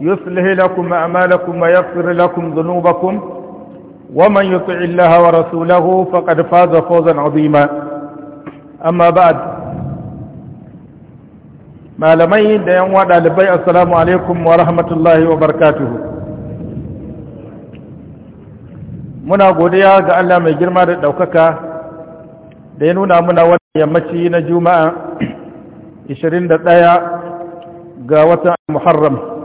يصلح لكم أعمالكم ويغفر لكم ذنوبكم ومن يطع الله ورسوله فقد فاز فوزا عظيما أما بعد malamai da yan wada dalibai assalamu alaikum wa rahmatullahi wa barakatuhu muna godiya ga Allah mai girma da ɗaukaka. da ya nuna muna wannan yammaci na juma'a 21 ga watan muharram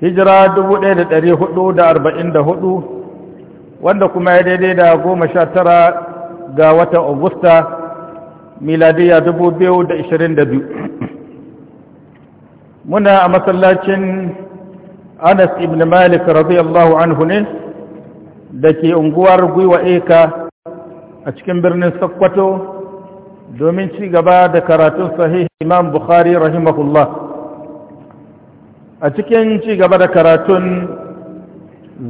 hijira 1444 wanda kuma ya daidai da goma sha tara ga watan augusta miladiya 2022 muna a masallacin anas ibn malik radiyallahu anhu ne da ke unguwar gwiwa eka a cikin birnin sokoto domin ci gaba da karatun sahih imam bukhari rahimahullah a cikin ci gaba da karatun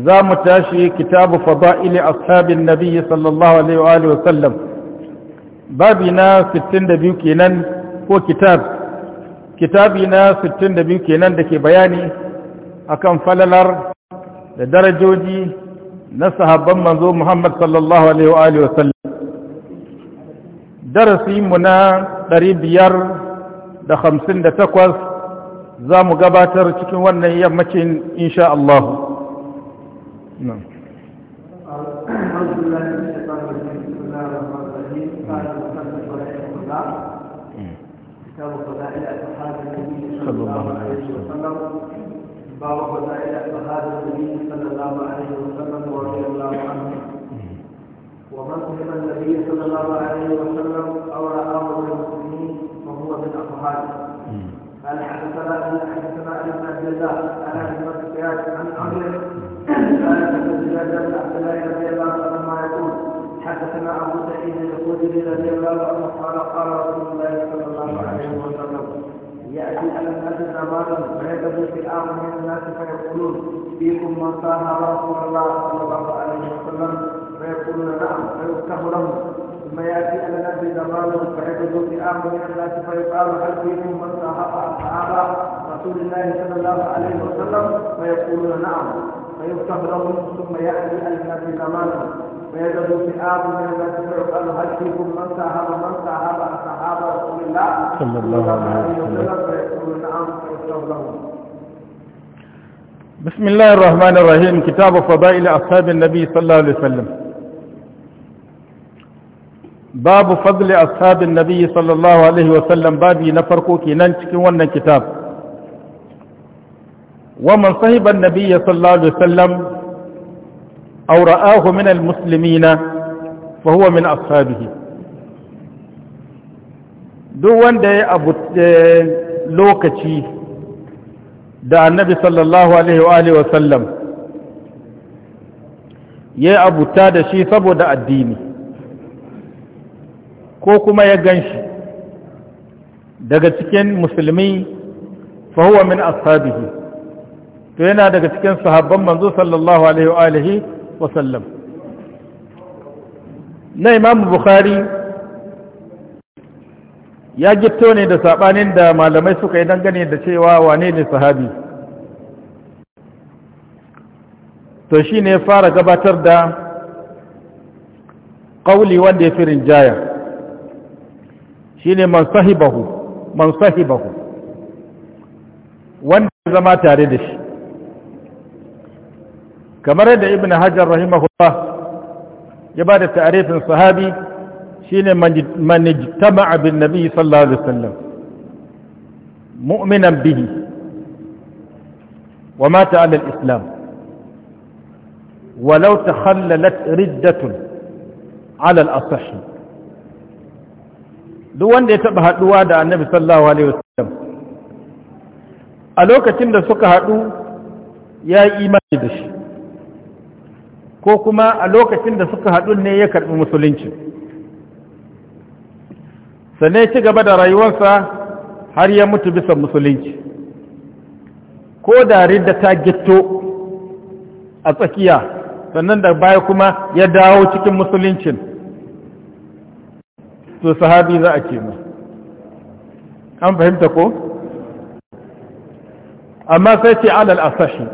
za mu tashi kitabu fada'ili ashabin nabiyyi sallallahu alaihi wa alihi babi na 62 kenan ko kitab kitabi na 62 kenan ke bayani akan falalar da darajoji na sahabban manzo Muhammad sallallahu alaihi wa alihi darasi mu na 558 za mu gabatar cikin wannan yammacin insha Allah صلى الله عليه وسلم النبي صلى الله عليه وسلم ورضي الله ومن النبي صلى الله عليه وسلم أو رآه من المسلمين فهو من أصحابه قال حدثنا ابي حدثنا ابي بن عبد الله عن ابي بن عن عمرو قال حدثنا عبد الله رضي الله عنهما يقول حدثنا ابو سعيد الخدري رضي الله عنه قال قال رسول الله صلى الله عليه وسلم ياتي على الناس زمان ويبدو في الامر من الناس فيقولون فيكم من صاح رسول الله صلى الله عليه وسلم فيقولون نعم فيفتح لهم ثم ياتي ان اذا قالوا فيحدث في امر الناس فيقال هل فيكم من صاحب اصحاب رسول الله صلى الله عليه وسلم فيقولون نعم فيفتح لهم ثم ياتي ان اذا قالوا فيجد في امر الناس فيقال هل فيكم من صاحب من صاحب اصحاب رسول الله صلى الله عليه وسلم فيقولون نعم فيفتح لهم بسم الله الرحمن الرحيم كتاب فضائل أصحاب النبي صلى الله عليه وسلم babu fadli ashabin nabiyyi sallallahu alaihi wa wasallam babi na farko kenan cikin wannan kitab wa man sahiba nabiyyi sallallahu alaihi wa sallam aw ra'ahu min almuslimina fa huwa min ashabihi duk wanda ya abu lokaci da annabi sallallahu alaihi wa alihi wasallam ya abuta da shi saboda addini ko kuma ya gan shi daga cikin musulmi fahuwa min ashabihi to yana daga cikin sahabban manzo sallallahu alaihi wa alihi wa sallam na imamu bukhari ya gito ne da sabanin da malamai suka yi dangane da cewa wane ne sahabi to shine fara gabatar da ƙauli wanda ya fi rinjaya shine man sahibahu man sahibahu wanda zama tare da shi kamar yadda ibn hajar rahimahullah ya ba da ta'arifin sahabi shine man ijtama'a bin nabi sallallahu alaihi wasallam mu'minan bihi wa mata ala al-islam walau takhallalat riddatun ala al-asahhi duk wanda ya taba haduwa da annabi sallallahu alaihi wasallam a lokacin da suka hadu ya yi imani da shi ko kuma a lokacin da suka hadu ne ya karbi musulunci sannan ci gaba da rayuwarsa har ya mutu bisa musulunci ko da ridda ta gitto a tsakiya sannan da baya kuma ya dawo cikin musuluncin to sahabi za a ce mu an fahimta ko amma sai ce alal asashi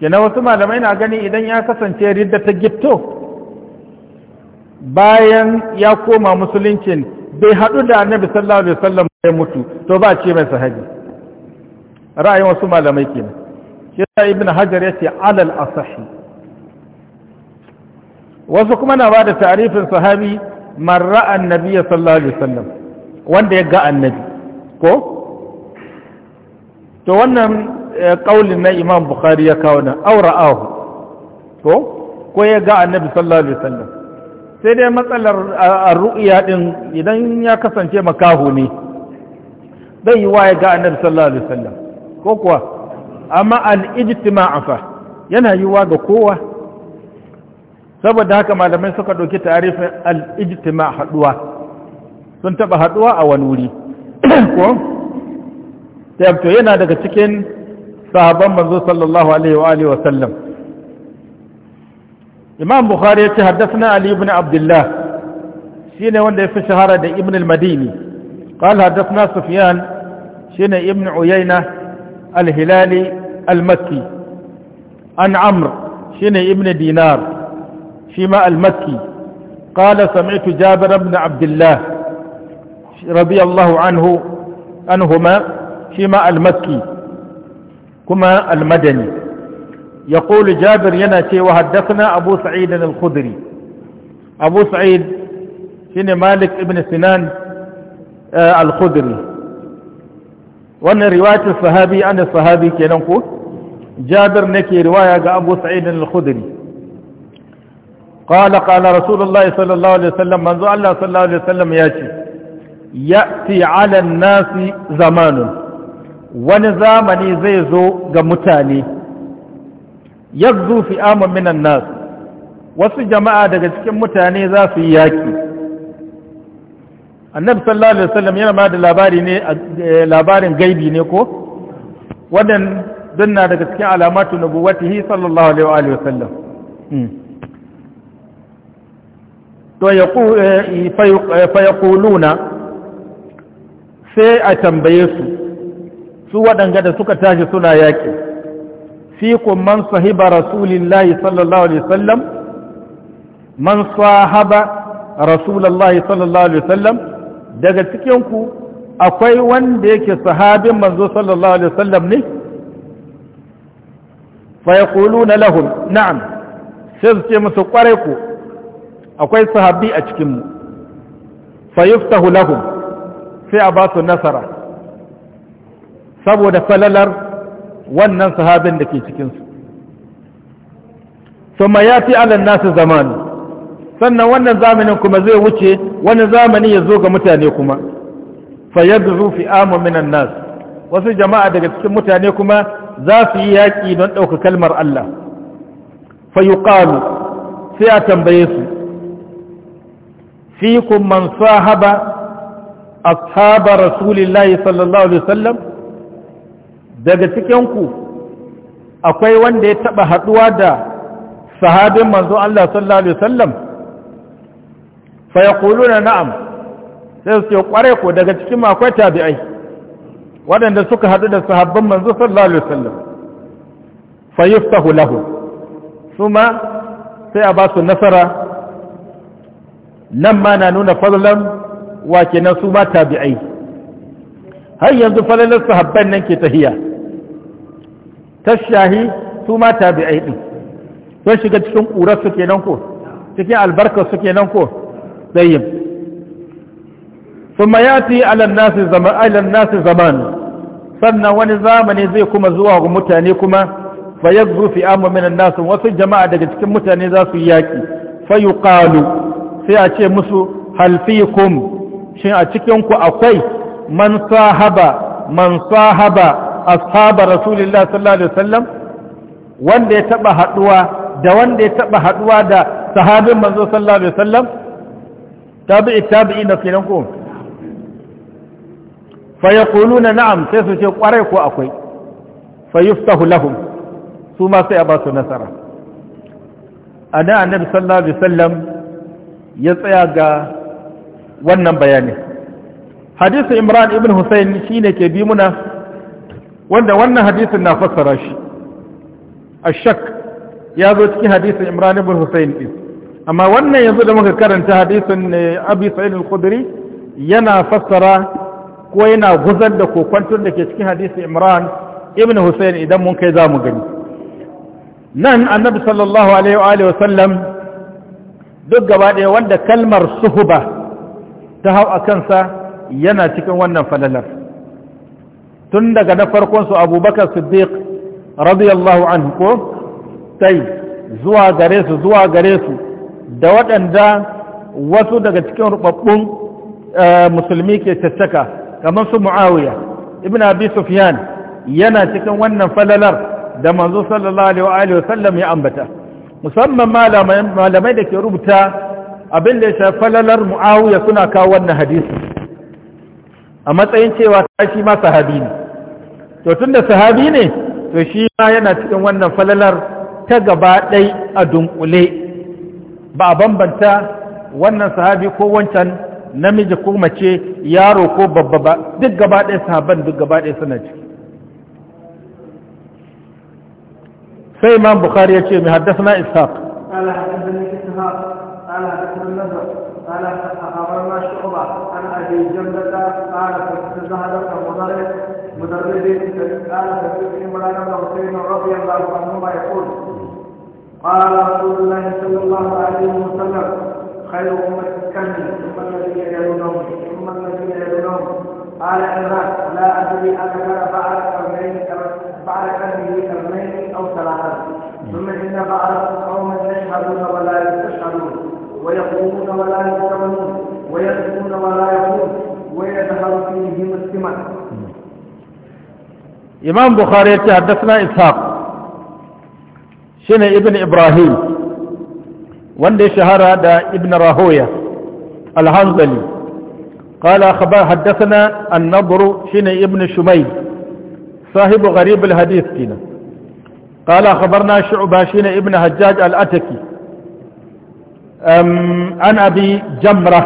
kenan wasu malamai na gani idan ya kasance ridda ta gitto bayan ya koma musuluncin bai haɗu da annabi sallallahu alaihi wasallam ya mutu to ba ce mai sahabi ra'ayin wasu malamai kenan shi ibn hajar ya ce alal asashi wasu kuma na ba da tarifin sahabi man ra'a annabi sallallahu alaihi wasallam wanda ya ga annabi ko to wannan kaulin eh, na imam bukhari ya kawo nan aw ra'ahu ko ko ya ga annabi sallallahu alaihi wasallam sai dai matsalar ru'ya din idan ya kasance makahu ne zai yi ya ga annabi sallallahu alaihi wasallam ko kuwa amma al-ijtima'a fa yana yiwa ga kowa saboda haka malamai suka ɗauki tarifin al'ijtima haɗuwa sun taɓa haɗuwa a wani wuri ko yabto yana daga cikin ba manzo sallallahu alaihi wa sallam imam bukhari ya ce haddasa ali ibn abdullah shi ne wanda ya fi shahara da ibn al-madini ne Ibn سفيان al-Hilali al-Makki. An عن shi ne Ibn Dinar. شيماء المكي قال سمعت جابر بن عبد الله رضي الله عنه عنهما شيماء المكي كما المدني يقول جابر يناتي وحدثنا أبو سعيد الخدري أبو سعيد شين مالك ابن سنان آه الخدري wannan riwayatin sahabi an sahabi kenan ko jabir nake riwaya ga abu sa'id al-khudri qala qala rasulullahi sallallahu alaihi wasallam manzo Allah sallallahu alaihi wasallam ya ce ya'ti 'ala nasi zamanun wani zamani zai zo ga mutane yazzu fi amun minan nas wasu jama'a daga cikin mutane za su yi yaki annabi sallallahu alaihi wasallam yana ma da labari ne labarin gaibi ne ko wannan dunna daga cikin alamatu nubuwatihi sallallahu alaihi wasallam to fayakuluna sai a tambaye su su waɗanga da suka tashi suna yaƙi fikun man sahiba rasulillahi sallallahu alaihi sallam, man sahaba rasulullahi sallallahu alaihi sallam, daga cikinku akwai wanda yake sahabin manzo sallallahu alaihi sallam ne fayakuluna lahum na'am sai su ce musu ƙware ku akwai sahabbi a cikinmu fayuftahu lahum sai a ba su nasara saboda falalar wannan sahabin da ke cikinsu summa ya fi alan nasu zamani sannan wannan zamanin kuma zai wuce wani zamani ya zo ga mutane kuma fayadru fi amu minan wasu jama'a daga cikin mutane kuma za su yi yaƙi don ɗauka kalmar Allah fayuƙalu sai a tambaye su fikum man sahaba ashaba rasulillahi sallallahu alaihi wasallam daga cikinku akwai wanda ya taba haduwa da sahabin manzo Allah sallallahu alaihi wasallam fa yaquluna na'am sai su ce kware ko daga cikin akwai tabi'ai waɗanda suka hadu da sahabban manzo sallallahu alaihi wasallam fa yuftahu lahu kuma sai a ba su nasara nan ma na nuna fadlan wa kenan su ma tabi'ai har yanzu falalar sahabban nan ke tahiya tashahi su ma tabi'ai din sun shiga cikin ƙurar su kenan ko cikin albarkar su kenan ko tsayin sun mayati alannasi zaman sannan wani zamani zai kuma zuwa ga mutane kuma fayyar rufi amma minan nasu wasu jama'a daga cikin mutane za su yaƙi fayu ƙalu sai a ce musu halfikum shin a cikinku akwai man sahaba man sahaba ashabar rasulullah sallallahu alaihi wasallam wanda ya taba haduwa da wanda ya taba haduwa da sahabin manzo sallallahu alaihi wasallam tabi'i tabi'i na kenan ko fa yaquluna na'am sai su ce kwarai ko akwai fa yuftahu lahum su ma sai abasu nasara ana annabi sallallahu alaihi wasallam ya tsaya ga wannan bayani hadisin imran ibn hussein ne ke bi muna wanda wannan hadisin na fassara shi a shak ya zo cikin hadisin imran ibn hussein din amma wannan yanzu da muka karanta hadisin abi sa'id al-khudri yana fassara ko yana guzar da kokwanton da ke cikin hadisin imran ibn hussein idan mun kai za mu gani nan annabi sallallahu alaihi wa sallam duk gaba ɗaya wanda kalmar suhuba ta hau a kansa yana cikin wannan falalar tun daga na farkonsu abubakar siddiq radiyallahu anhu ko sai zuwa gare su zuwa gare su da waɗanda wasu daga cikin rubabbun eh, musulmi ke caccaka kamar su mu'awiya ibn abi sufyan yana cikin wannan falalar da manzo sallallahu alaihi wa sallam ya ambata musamman malamai da ke rubuta abin da ya shafi falalar mu'awiya suna kawo wannan hadisi a matsayin cewa ta shi ma sahabi ne to tun da sahabi ne to shi ma yana cikin wannan falalar ta gaba ɗai a dunkule ba a bambanta wannan sahabi ko wancan namiji ko mace yaro ko babba ba duk gaba ɗaya sahaban duk gaba ɗaya suna ciki sai imam bukhari ya ce mai haddasa قال حدثني اتفاق قال حدثني النبع قال اخبرنا شعبه عن ابي جنبه قال فذهب كمدرس مدرب قال فسمعت عمران بن حسين رضي الله عنهما يقول قال رسول الله صلى الله عليه وسلم خير امه كمل ثم الذين يلونهم ثم الذين يلونهم قال عمران لا ادري اذكر فعل قرنين كما بعد أهله اثنين أو ثلاثة ثم إن بعض قوما يشهدون ولا يستشهدون ويقومون ولا يستغنون ويكتمون ولا يقومون ويظهر فيهم السمع إمام بخاري حدثنا إسحاق شنو ابن إبراهيم وندي شهر هذا ابن راهوية الحنظلي قال أخبار حدثنا النضر شنو ابن شميل صاحب غريب الحديث كنا قال خبرنا شعباشين ابن حجاج الأتكي عن أبي جمرة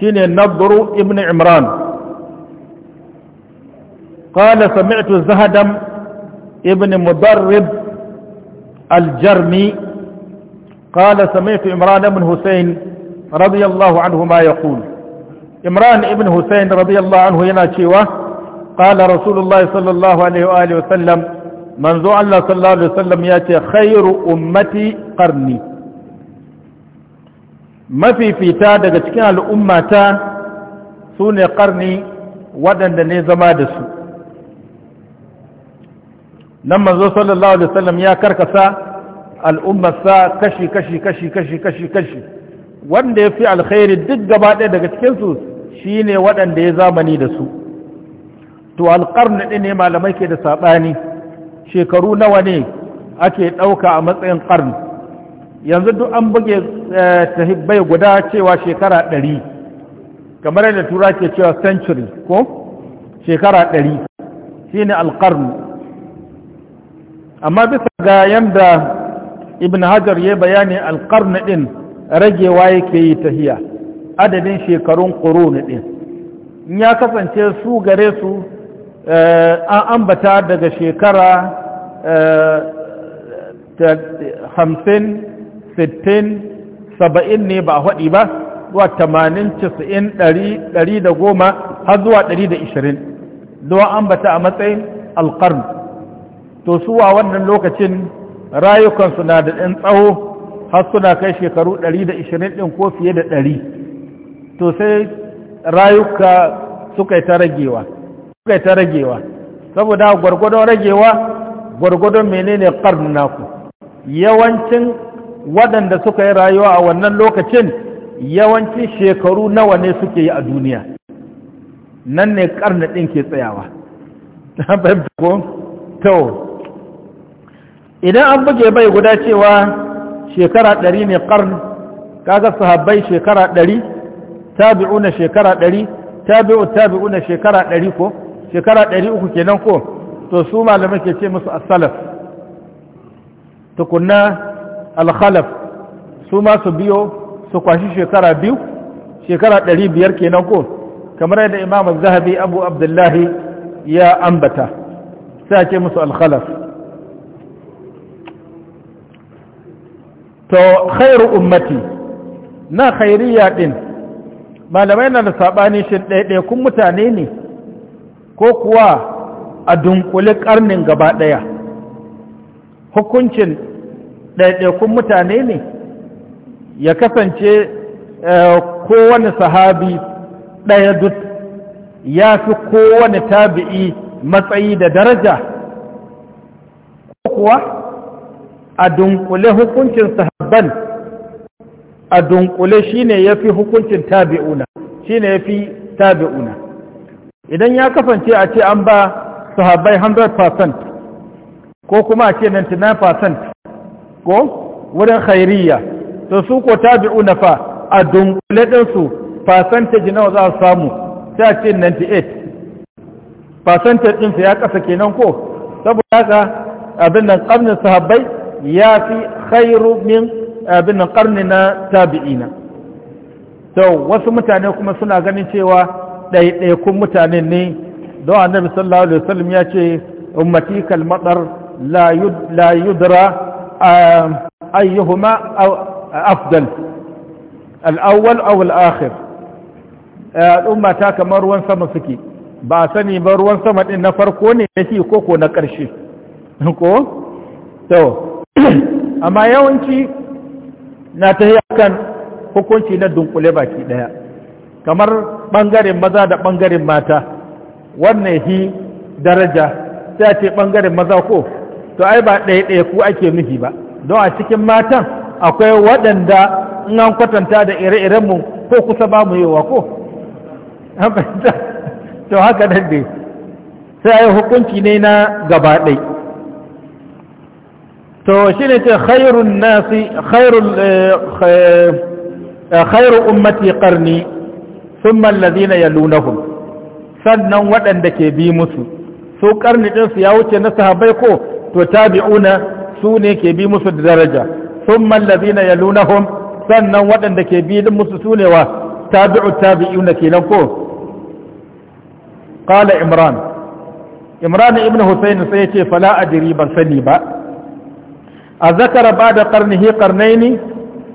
شين النضر ابن عمران قال سمعت زهدم ابن مضرب الجرمي قال سمعت عمران بن حسين رضي الله عنهما يقول عمران ابن حسين رضي الله عنه يناشيوه قال رسول الله صلى الله عليه وآله وسلم منذ الله صلى الله عليه وسلم ياتي خير أمتي قرني ما في فيتا daga cikin al'ummata sune qarni wadanda ne zama da su nan manzo sallallahu alaihi wasallam ya karkasa al'ummarsa kashi kashi kashi kashi kashi kashi wanda yafi alkhairi duk gaba ɗaya daga cikin su shine wadanda ya zamani da su to alƙarni ɗin ne malamai ke da saɓani shekaru nawa ne ake ɗauka a matsayin ƙarni yanzu duk an buge eh, tahibbai guda cewa shekara ɗari kamar yadda tura ke cewa century ko shekara ɗari shi ne alƙarni amma bisa ga yadda ibn hajar ya bayani alƙarni ɗin ragewa yake yi tahiya adadin shekarun ƙoro ɗin ya kasance su gare su Eh, an ambata daga shekara eh, hamsin sittin saba'in ne ba a haɗi ba zuwa tamanin cisa'in ɗari da goma har zuwa ɗari da ishirin zuwa ambata a matsayin alƙarn to suwa wannan lokacin rayukansu na da ɗan tsawo har suna kai shekaru ɗari da ishirin ɗin ko fiye da ɗari to sai rayuka suka yi ta ragewa kai ta ragewa saboda gwargwadon ragewa gwargwadon menene karnu naku yawancin waɗanda suka yi rayuwa a wannan lokacin yawancin shekaru nawa ne suke yi a duniya nan ne karnu ɗin ke tsayawa to idan an buge bai guda cewa shekara ɗari ne karnu kaga sahabbai shekara ɗari tabi'una shekara ɗari tabi'u tabi'una shekara ɗari ko shekara ɗari uku kenan ko to su malamai ke ce musu asalaf tukunna alkhalaf su ma su biyo su kwashi shekara biyu shekara ɗari biyar kenan ko kamar yadda imam zahabi abu abdullahi ya ambata sai ce musu alkhalaf to khairu ummati na khairiyya din malamai na da sabani shi kun mutane ne ko kuwa a dunkule karnin gaba ɗaya hukuncin ɗaiɗaikun mutane ne ya kasance eh, kowane sahabi ɗaya duk ya fi kowane tabi'i matsayi da daraja ko kuwa a dunkule hukuncin sahabban a dunkule shine ya fi hukuncin tabi'una shine ya fi tabi'una idan ya kasance a ce an ba sahabbai 100% ko kuma a ce 99% ko wurin khairiyya to su ko tabi'una fa a dunkule ɗinsu percentage nawa za su samu sai a ce 98 percentage ɗinsu ya ƙasa kenan ko saboda haka abin nan ƙarnin sahabbai ya fi khairu min abin nan ƙarni na tabi'ina to wasu mutane kuma suna ganin cewa ɗaiɗaikun mutane ne don annabi sallallahu alaihi wasallam ya ce ummati kal la yudra ayyuhuma afdal al aw al-akhir eh, al'umma ta kamar ruwan sama suke ba sani ba ruwan sama din na farko ne yake koko na ƙarshe ko to amma yawanci na ta kan hukunci na dunkule baki ɗaya kamar ɓangaren maza da ɓangaren mata wannan hi daraja sai a ce ɓangaren maza ko to ai ba ɗaya-ɗaya ku ake nufi ba don a cikin matan akwai waɗanda in an kwatanta da ire-irenmu ko kusa ba mu yi wa ko to haka nan dai sai yi hukunci ne na gaba ɗai to shi ne ce khairun nasi khairun eh, eh, ummati sun thumma alladhina yalunahum sannan waɗanda ke bi musu su karni din su ya wuce na sahabai ko to tabi'una su ne ke bi musu da daraja sun thumma alladhina yalunahum sannan waɗanda ke bi musu su ne wa tabi'u tabi'una kenan ko ƙala imran imran ibn husayn sai ya ce fala adri ban sani ba a zakara ba da karnihi karnaini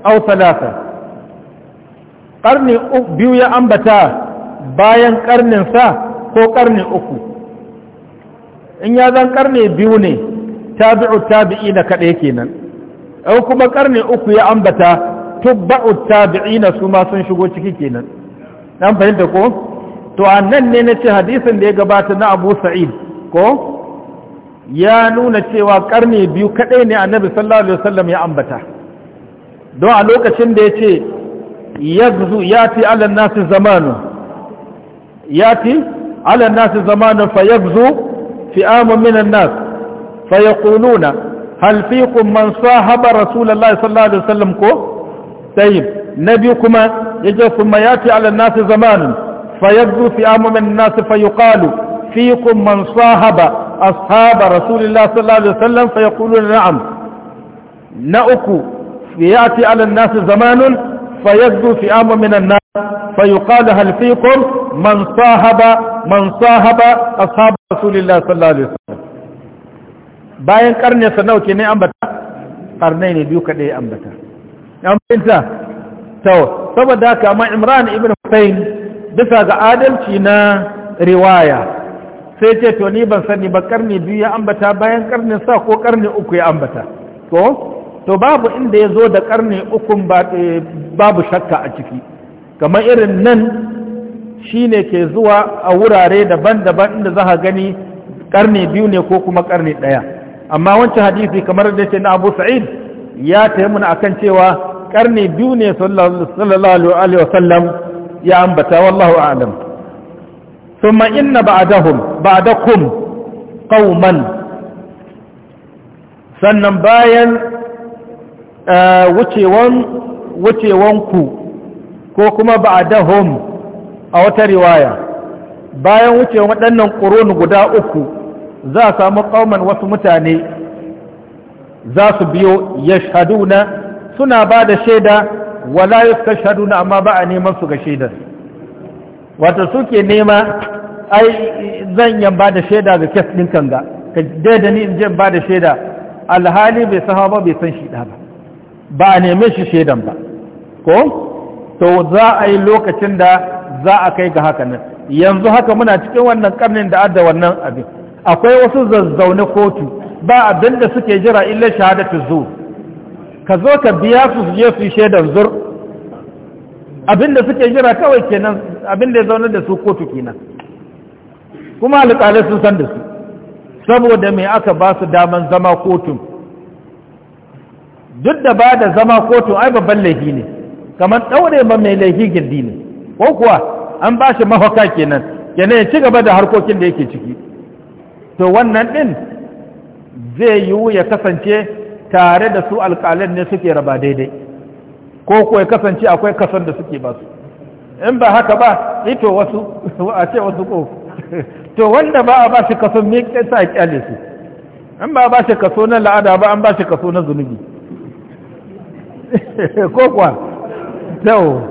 au salasa. ƙarni biyu ya ambata bayan ƙarninsa ko ƙarni uku in ya zan ƙarni biyu ne tabi'u tabi'i na kaɗai kenan ɗau kuma ƙarni uku ya ambata tubba'u tabi'i na su ma sun shigo ciki kenan ɗan fahimta ko to a nan ne na ce hadisin da ya gabata na abu sa'id ko ya nuna cewa ƙarni biyu kaɗai ne annabi sallallahu alaihi wasallam ya ambata don a lokacin da ya ce يغزو ياتي على الناس زمان ياتي على الناس زمان فيغزو فئام من الناس فيقولون هل فيكم من صاحب رسول الله صلى الله عليه وسلم كو طيب نبيكما يجي ثم ياتي على الناس زمان فيغزو فئام من الناس فيقال فيكم من صاحب أصحاب رسول الله صلى الله عليه وسلم فيقولون نعم نأكو يأتي على الناس زمان فيغدو فئام من الناس فيقال هل فيكم من صاحب من صاحب أصحاب رسول الله صلى الله عليه وسلم bayan karne sanau ke ne ambata karne ne biyu kaɗai ambata yan fahimta to saboda haka amma imran ibn hussein bisa ga adalci na riwaya sai ce to ni ban sani ba karni biyu ya ambata bayan karni sa ko karni uku ya ambata to to babu inda ya zo da karni ukun eh, babu shakka a ciki kamar irin nan shine ke zuwa a wurare daban-daban inda za gani karni biyu ne ko kuma karni ɗaya amma wancan hadisi kamar da ce na abu sa'id ya taimuna akan cewa karni biyu ne sallallahu alaihi wasallam ya ambata wallahu a'lam thumma inna ba'dahum ba'dakum qauman sannan bayan Eh, wucewan ku ko kuma ba'adahum a wata riwaya bayan wucewan waɗannan ƙurun guda uku za a samu ƙauman wasu mutane za su biyo ya shaduna suna ba da shaida wala yuska shaduna amma ba a neman su ga shaidar wata suke nema ai zan yan ba da shaida ga kas ɗin kanga ka daidani in je ba da shaida alhali bai sahaba bai san shi ɗa ba ba a neme shi shaidan ba ko to za a yi lokacin da za a kai ga haka nan yanzu haka muna cikin wannan karnin da adda wannan abin akwai wasu zazzaune kotu ba abin da suke jira illa shahadatu zu ka zo ka biya su su je su yi shaidan zur abin da suke jira kawai kenan abin da ya zaune da su kotu kenan kuma alƙalai sun san da su saboda me aka ba su daman zama kotun duk da ba da zama kotu ai babban laifi ne kamar ɗaure ba mai laifi girdi ne ko kuwa an ba shi mahauka kenan kenan ya ci gaba da harkokin da yake ciki to wannan ɗin zai yiwu ya kasance tare da su alƙalin ne suke raba daidai ko kuwa ya kasance akwai kasan da suke ba su in ba haka ba ito wasu a ce wasu ko to wanda ba a ba shi kaso me ƙasa a su in ba a ba shi kaso na la'ada ba an ba shi kaso na zunubi ko kuwa tau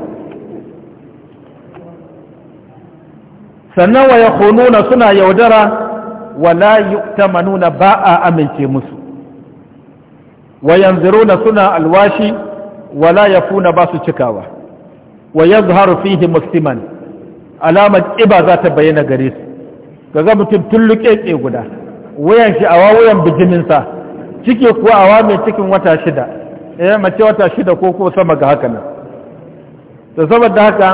sannan wa ya hununa suna yaudara wala yuktamanuna ba a amince musu wa suna alwashi wala yafuna ba su cikawa wa yazharu fihi musliman alamar ƙiba za ta bayyana gare su kaga mutum ke guda wuyan shi a wuyan bijiminsa ciki kuwa awa mai cikin wata shida ya eh, mace wata shida ko ko sama ga haka nan to saboda haka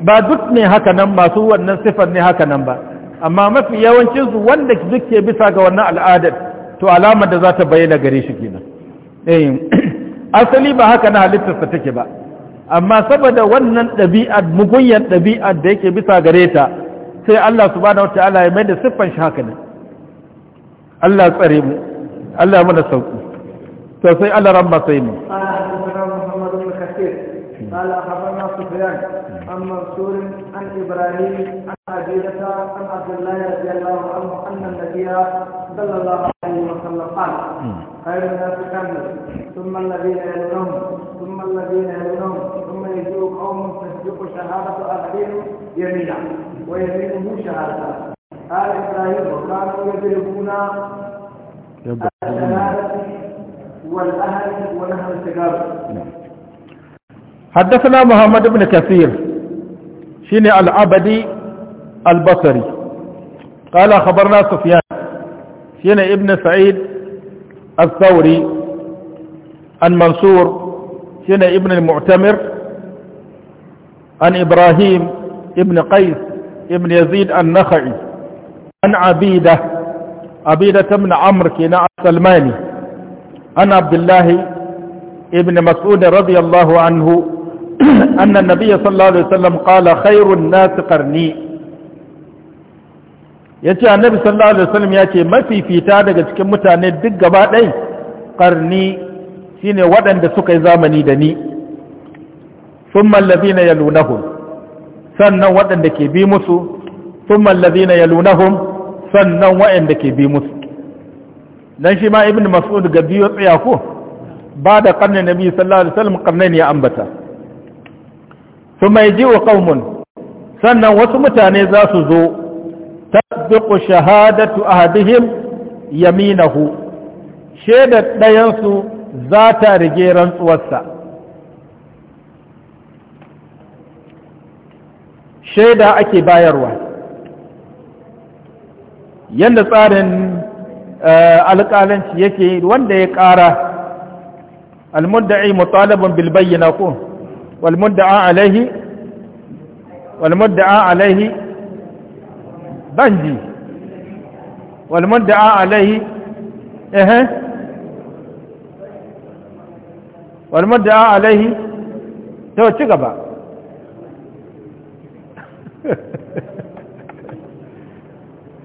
ba duk ne haka nan masu wannan sifar ne haka nan ba amma mafi yawancin su wanda duke bisa ga wannan al'adar to alamar da za ta bayyana gare shi kenan eh asali ba haka na halittarsa take ba amma saboda wannan ɗabi'ar mugunyar ɗabi'ar da yake bisa gare ta sai Allah subhanahu wataala ya mai da siffan shi haka nan Allah tsare mu Allah mana sauki sosai ala محمد بن mu قال أخبرنا سفيان عن منصور عن إبراهيم عن عبيدة عن عبد الله رضي الله عنه أن النبي صلى الله عليه وسلم قال خير الناس كمل ثم الذين يلونهم ثم الذين يلونهم ثم يجيء قوم تسبق شهادة أخيهم يمينا ويمينه شهادة قال إبراهيم وكانوا يضربون الشهادة والأهل نعم. حدثنا محمد بن كثير شيني العبدي البصري قال خبرنا سفيان شيني ابن سعيد الثوري عن منصور شيني ابن المعتمر عن إبراهيم ابن قيس ابن يزيد النخعي عن عبيده عبيدة بن عمرو كنا السلماني عن عبد الله ابن مسعود رضي الله عنه أن النبي صلى الله عليه وسلم قال خير الناس قرني yace annabi sallallahu alaihi wasallam yace mafifita daga cikin mutane duk gaba ɗai ƙarni shine waɗanda suka yi zamani da ni sun thumma na yalunahum sannan waɗanda ke bi musu sun thumma na yalunahum sannan waɗanda ke bi musu nan shi ma ibn mas'ud ga biyu tsaya ko ba da karnin nabi sallallahu alaihi wasallam ne ya ambata kuma wa qaumun sannan wasu mutane za su zo tasdiqu shahadatu ahadihim yaminahu Shaida ɗayansu su za ta rige rantsuwarsa shaida ake bayarwa yadda tsarin alƙalanci yake wanda ya ƙara almudda'i mutalabun bil bayyina ko wal mudda'a alaihi wal mudda'a alaihi banji wal mudda'a alaihi eh wal mudda'a alaihi to ci gaba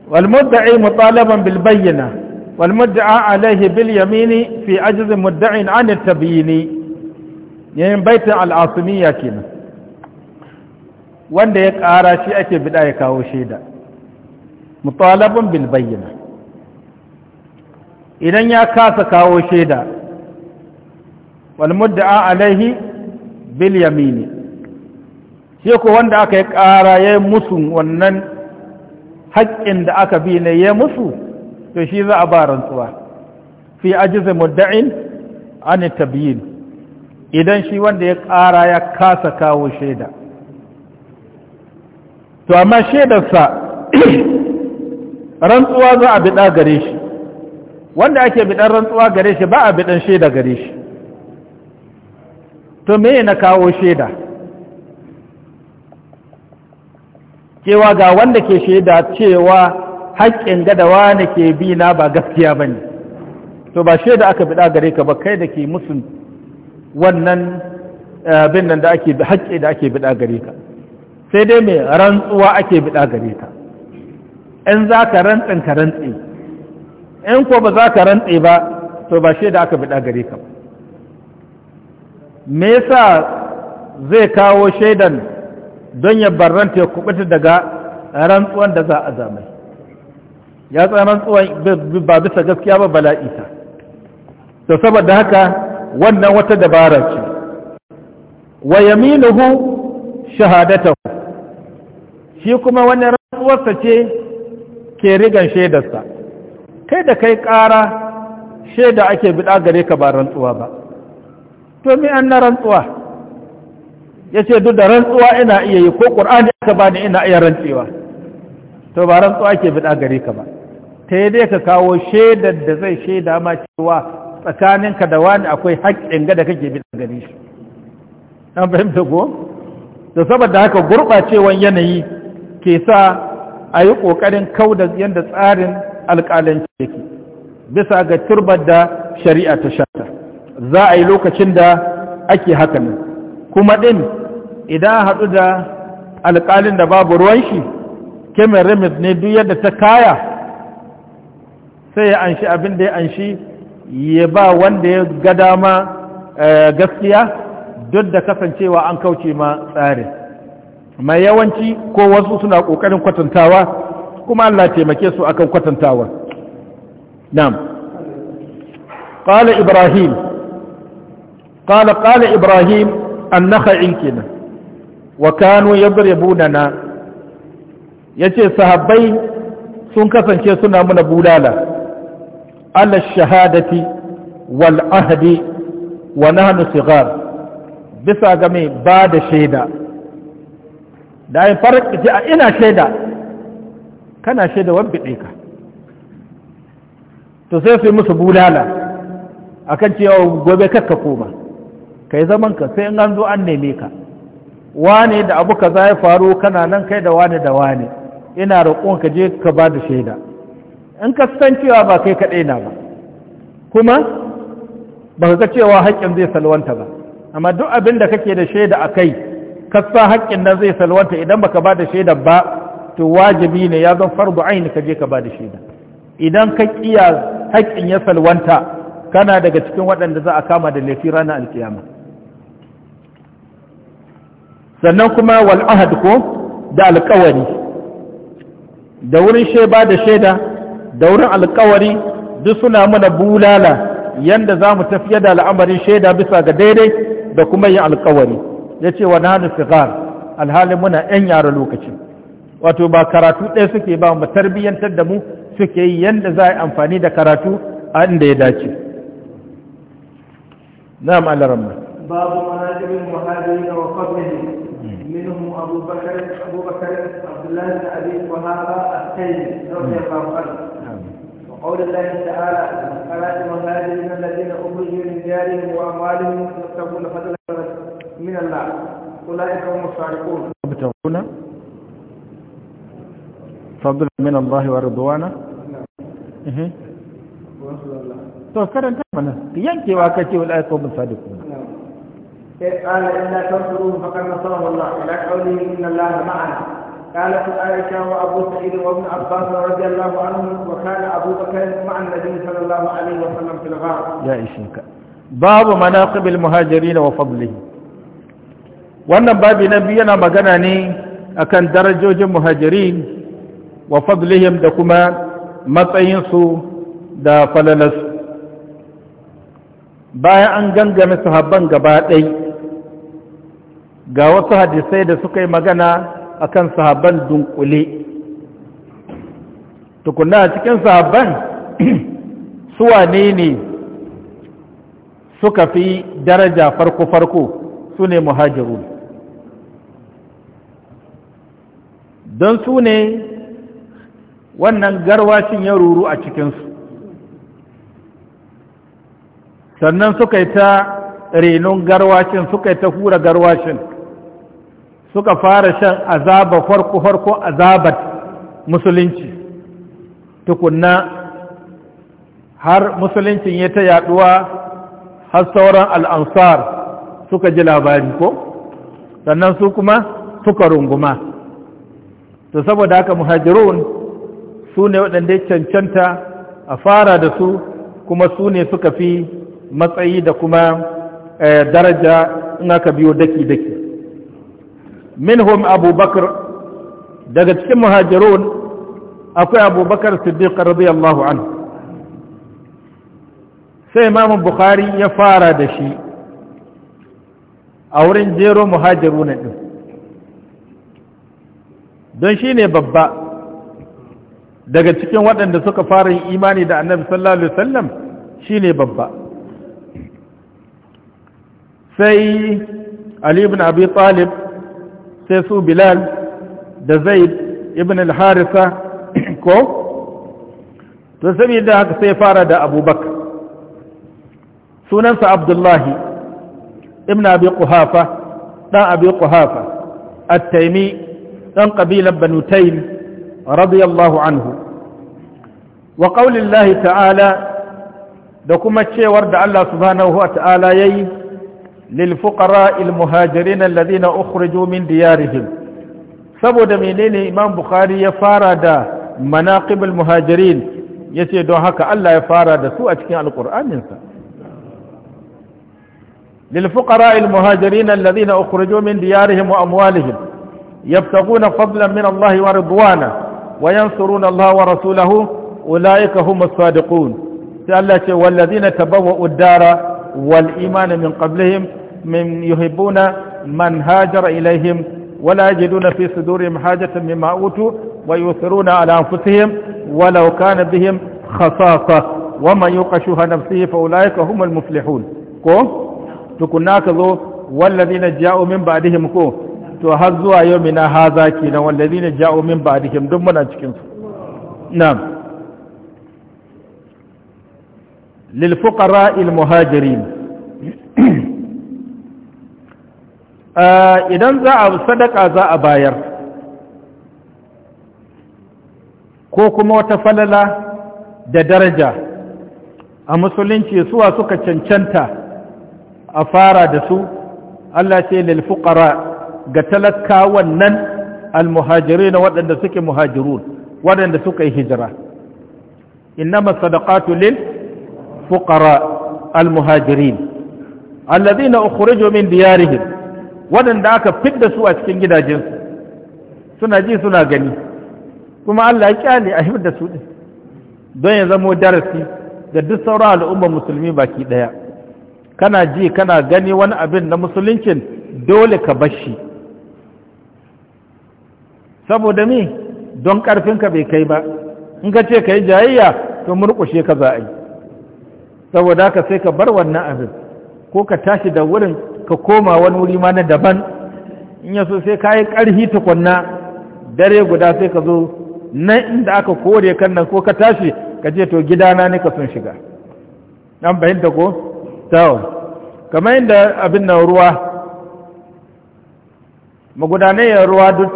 والمدعي مطالبا بالبينه wal mudda'a alaihi bil yamini fi ajzi mudda'in an at-tabyini yayin baitin al-asimiyya kenan wanda ya ƙara shi ake bida ya kawo shaida mutalabun bil bayyina idan ya kasa kawo shaida wal mudda'a alaihi bil yamini shi wanda aka yi ƙara ya yi musu wannan haƙƙin da aka bi na ya musu to shi za a ba rantsuwa fi ajiza mudda'in an tabyin idan shi wanda ya ƙara ya kasa kawo shaida to amma shaidarsa rantsuwa za a biɗa gare shi wanda ake biɗan rantsuwa gare shi ba a biɗan shaida gare shi to me na kawo shaida cewa ga wanda ke shaida cewa haƙƙin ga da ne ke bi na ba gaskiya ba ne to ba da aka biɗa gare ka ba kai da ke musun wannan eh, bin nan da ake haƙƙi da ake biɗa gare ka sai dai mai rantsuwa ake biɗa gare ka in za ka rantsin ka rantsi in ko ba za ka rantsi ba to ba da aka biɗa gare ka me yasa zai kawo shaidan don ya barranta ya kubuta daga rantsuwan da za a zamai ya tsaron tsawon ba bisa gaskiya ba bala'i ta da saboda haka wannan wata dabara ce wa yaminuhu shahadatahu shi kuma wani rantsuwarsa ce ke rigan shaidarsa kai da kai ƙara shaida ake biɗa gare ka ba rantsuwa ba to mi an na rantsuwa ya ce duk da rantsuwa ina iya yi ko ƙur'ani aka bani ina iya rantsewa to ba rantsuwa ke bida gare ka ba ta dai ka kawo shaidar da zai shaida ma cewa tsakaninka da wani akwai haƙƙin ga da kake bi gani shi an fahimta ko da saboda haka gurɓacewan yanayi ke sa a yi ƙoƙarin kau da yadda tsarin alƙalanci yake bisa ga turbar da shari'a ta shata za a yi lokacin da ake haka nan kuma ɗin idan haɗu da alƙalin da babu ruwan shi kemin remis ne duk yadda ta kaya sai ya anshi abin da ya anshi ya ba wanda ya ga dama eh, gaskiya duk da kasancewa an kauce ma tsari mai yawanci ko wasu suna ƙoƙarin kwatantawa kuma Allah taimake su akan kwatantawa na'am qala ibrahim qala qala ibrahim an-nakhai kina wa kanu yadribunana yace sahabbai sun kasance suna muna bulala على الشهادة والعهد ونحن صغار بسا ga بعد ba da shaida da إنا farka كان a ina shaida kana shaida wambiɗe ka to sai musu bulala a kan cewa gobe kakka koma ka yi zaman ka sai an zo an neme ka wane da abu ka za ya faru kana nan kai da wane da wane ina roƙon ka je ka ba da shaida in ka san cewa ba kai kaɗai na ba kuma ba ka cewa haƙƙin zai salwanta ba amma duk abin da kake da shaida a kai kasa san haƙƙin nan zai salwanta idan baka ba da shaida ba to wajibi ne ya zan ba aini ka je ka ba da shaida idan ka kiya haƙƙin ya salwanta kana daga cikin waɗanda za a kama da laifi ranar alkiyama sannan kuma walahad ko da alƙawari da wurin ba da shaida da wurin alkawari duk suna mana bulala yanda za mu tafiye da al'amarin shaida bisa ga daidai da kuma yin alkawari ya ce wa nanu sigar alhalin muna 'yan yara lokacin wato ba karatu ɗaya suke ba mu tarbiyyantar da mu suke yi yanda za a yi amfani da karatu a inda ya dace na'am alaramma babu manajibin منهم بكر بكر عبد الله بن وهاب التيمي رضي الله قول الله تعالى فلا من الذين أخرجوا من ديارهم وأموالهم يبتغون فضلا من الله أولئك هم الصادقون يبتغون فضلا من الله ورضوانه نعم to karanta mana yankewa kace wal ayatu bin sadiqun قال إنا تنصروه فقد نصره الله إلى قوله إن الله معنا قالت عائشة وأبو سعيد وابن عباس رضي الله عنهم وكان أبو بكر مع النبي صلى الله عليه وسلم في الغار يا إشنك باب مناقب المهاجرين وفضله wannan babi na biyu yana magana ne akan darajojin muhajirin wa fadlihim da kuma matsayinsu da falalarsu bayan an gangame sahabban gaba ɗai ga wasu hadisai da suka yi magana akan sahabban dunkule tukunna a cikin sahabban su ne ne suka fi daraja farko-farko su ne muhajirun don su ne wannan garwacin ya ruru a cikinsu sannan suka yi ta renon garwacin suka yi ta hura garwacin suka fara shan azaba farko farko azabat musulunci tukunna har musuluncin ya ta yaduwa har sauran al'ansar suka ji labari ko sannan su kuma suka runguma to saboda haka muhajirun su ne waɗanda cancanta a fara da su kuma su ne suka fi matsayi da kuma eh, daraja in aka biyo daki-daki منهم abubakar daga cikin muhajirun akwai abubakar siddiq بكر anhu sai الله bukhari ya fara da shi a wurin jero muhajiruna don shi ne babba daga cikin waɗanda suka fara yin imani da annabi sallallahu alaihi wasallam shi ne babba sai ali ibn abi talib sai su bilal da zaid ibn al-harisa ko to saboda haka sai fara da abubakar sunansa abdullahi ibn abi quhafa dan abi quhafa at-taymi dan qabilan banu taym radiyallahu anhu wa qawli ta'ala da kuma cewar da Allah subhanahu wa ta'ala yayi للفقراء المهاجرين الذين أخرجوا من ديارهم saboda menene Imam Bukhari ya fara da manaqibul muhajirin yace don haka Allah ya fara da su a cikin alkur'aninsa. sa lil fuqara'il muhajirin alladhina ukhrijoo min diyarihim wa amwalihim yabtaghuna fadlan min Allah wa ridwana wa yansuruna Allah wa rasulahu ulaika humus sadiqun sai Allah ce walladhina tabawwa'u ad-dara wal imana min qablihim من يحبون من هاجر إليهم ولا يجدون في صدورهم حاجة مما أوتوا ويؤثرون على أنفسهم ولو كان بهم خصاصة ومن يوق شح نفسه فأولئك هم المفلحون كو تكنا كذو والذين جاءوا من بعدهم كو تهزوا يومنا هذا كنا والذين جاءوا من بعدهم دمنا cikin نعم للفقراء المهاجرين idan za a sadaka za a bayar ko kuma wata falala da daraja a musulunci suwa suka cancanta a fara da su Allah ce lil fuqara ga talakawan nan almuhajirin waɗanda suke muhajirun waɗanda suka yi hijira innama sadaqatu lil fuqara almuhajirin alladhina ukhrijoo min diyarihim waɗanda aka fidda su a cikin gidajensu suna ji suna gani kuma Allah ya kyale a himar da su ɗin don ya zamo darasi da duk sauran al'ummar musulmi baki ɗaya kana ji kana gani wani abin na musuluncin dole ka bashi saboda mi don ƙarfinka bai kai ba in ka ce ka yi jayayya to murƙushe ka za a yi saboda haka sai ka bar wannan abin ko ka tashi da wurin ka koma wani wuri ma na daban in yaso sai ka yi ƙarhi tukunna dare guda sai ka zo nan inda aka kore kan nan ko ka tashi ka je to gidana ne ka sun shiga nan bayyanta ko tawo kamar yadda abin nan ruwa magudanayar ruwa duk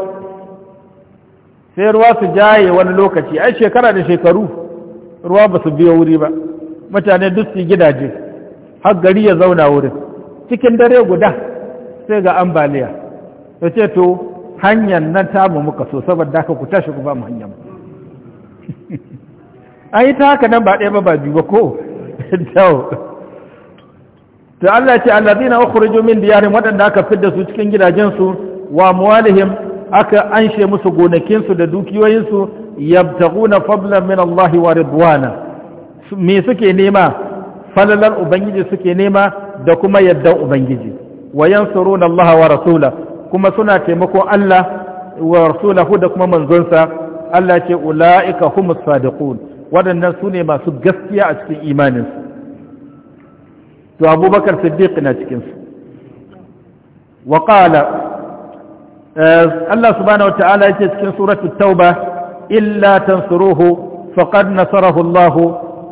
sai ruwa su jaye wani lokaci ai shekara da shekaru ruwa ba su biyo wuri ba mutane duk su gidaje har gari ya zauna wurin cikin dare guda sai ga ambaliya ya ce to hanyar nan tamu muka so saboda haka ku tashi ku ba mu hanyar an yi ta haka nan ba ɗaya ba ba biyu ba ko to Allah ce na ukhrijoo min diyarin waɗanda aka fidda su cikin gidajensu wa muwalihim aka anshe musu gonakinsu da dukiyoyinsu yabtaguna fadlan min Allah wa ridwana me suke nema falalar ubangiji suke nema da kuma yadda ubangiji wa yansuruna Allah wa rasula kuma suna taimako Allah wa rasulahu da kuma manzonsa Allah ce ula'ika humus sadiqun Wadannan su ne masu gaskiya a cikin imaninsu to abubakar siddiq na cikinsu wa ƙala eh, Allah subhanahu wa ta'ala ya ce cikin suratu tauba illa tansuruhu faqad nasarahu Allah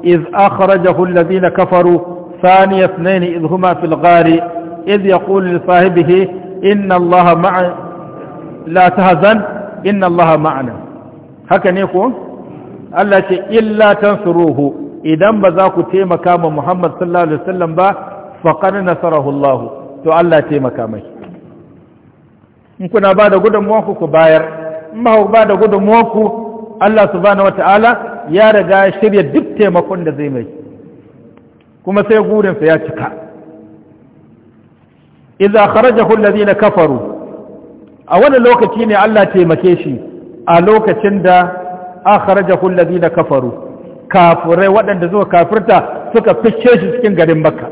iz akhrajahu alladhina kafaru ثاني اثنين إذ هما في الغار إذ يقول لصاحبه إن الله مع لا تهزن إن الله معنا haka ne ko Allah ce illa tansuruhu idan ba za ku taimaka ma Muhammad sallallahu alaihi wasallam ba faqad nasarahu Allah to Allah taimaka mai in kuna ba ku bayar in bada ku ku Allah subhanahu ya riga shirya duk taimakon da zai mai kuma sai gurinsa ya cika idza kharajahu alladhina kafaru a wani lokaci ne Allah taimake shi a lokacin da akharajahu alladhina kafaru kafirai waɗanda suka kafirta suka fice shi cikin garin Makka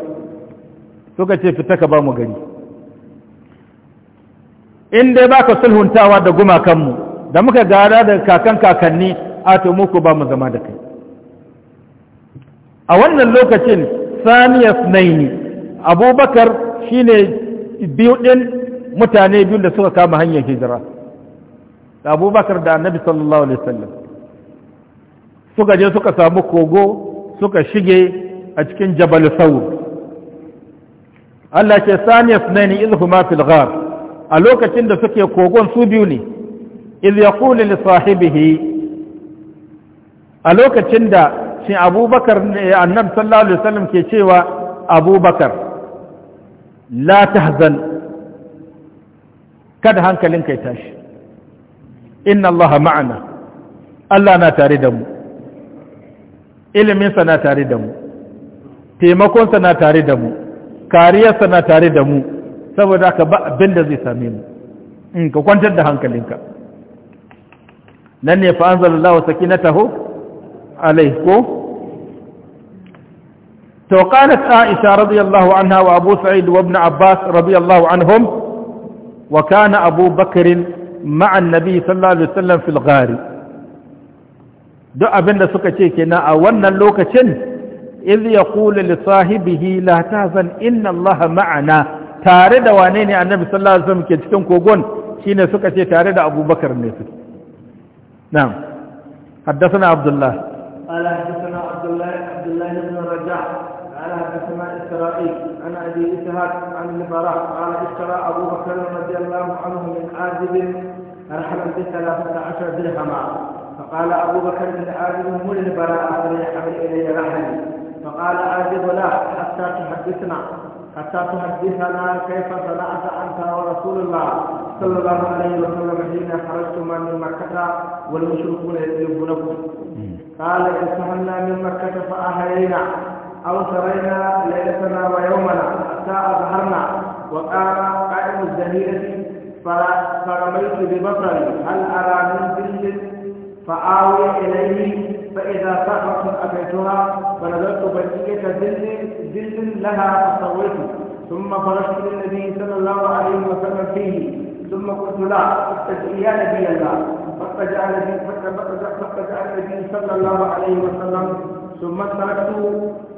suka ce fita ka ba mu gari in dai baka sulhuntawa da gumakanmu da muka gara da kakan kakanni a to muku ba mu zama da kai a wannan lokacin saniya naini abubakar shine biyu ɗin mutane biyu da suka kama hanyar hijira da abubakar da annabi sallallahu alaihi wasallam suka je suka samu kogo suka shige a cikin jabal saur Allah ce saniya naini izhuma fil ghar a lokacin da suke kogon su biyu ne iz yaqulu li sahibihi a lokacin da shin abubakar annab sallallahu alaihi wasallam ke cewa abubakar la tahzan kada hankalinka ya tashi inna allaha ma'ana Allah na tare da mu iliminsa na tare da mu taimakonsa na tare da mu kariyarsa na tare da mu saboda haka ba abin da zai same mu in ka kwantar da hankalinka nan ne fa anzalallahu sakinatahu alaihi ko to qalat aisha radiyallahu anha wa abu sa'id wa ibn abbas radiyallahu anhum wa kana abu bakr ma'a annabi sallallahu duk abinda suka ce kenan a wannan lokacin iz yaqulu li sahibihi la inna allaha ma'ana tare da wanene ne annabi sallallahu ke cikin kogon shine suka ce tare da abubakar ne abdullah عبد حدثنا اسرائيل عن ابي اسحاق عن البراء قال اشترى ابو بكر رضي الله عنه من عازب رحمه بثلاثة عشر درهما فقال ابو بكر بن عازب مل البراء فليحمل الي رحمه فقال عازب لا حتى تحدثنا حتى تحدثنا كيف صنعت انت ورسول الله صلى الله عليه وسلم حين خرجتما من مكه والمشركون يذلبونكم قال ارتحلنا من مكه فاهلينا أو سرينا ليلتنا ويومنا حتى أظهرنا وقال قائم الزهيرة فرميت ببصري هل أرى من ظل فآوي إليه فإذا صخرة أتيتها فنزلت بنية ظل ظل لها فسويته ثم فرشت للنبي صلى الله عليه وسلم فيه ثم قلت لا اتجئ يا نبي الله فاتجع النبي صلى الله عليه وسلم ثم تركت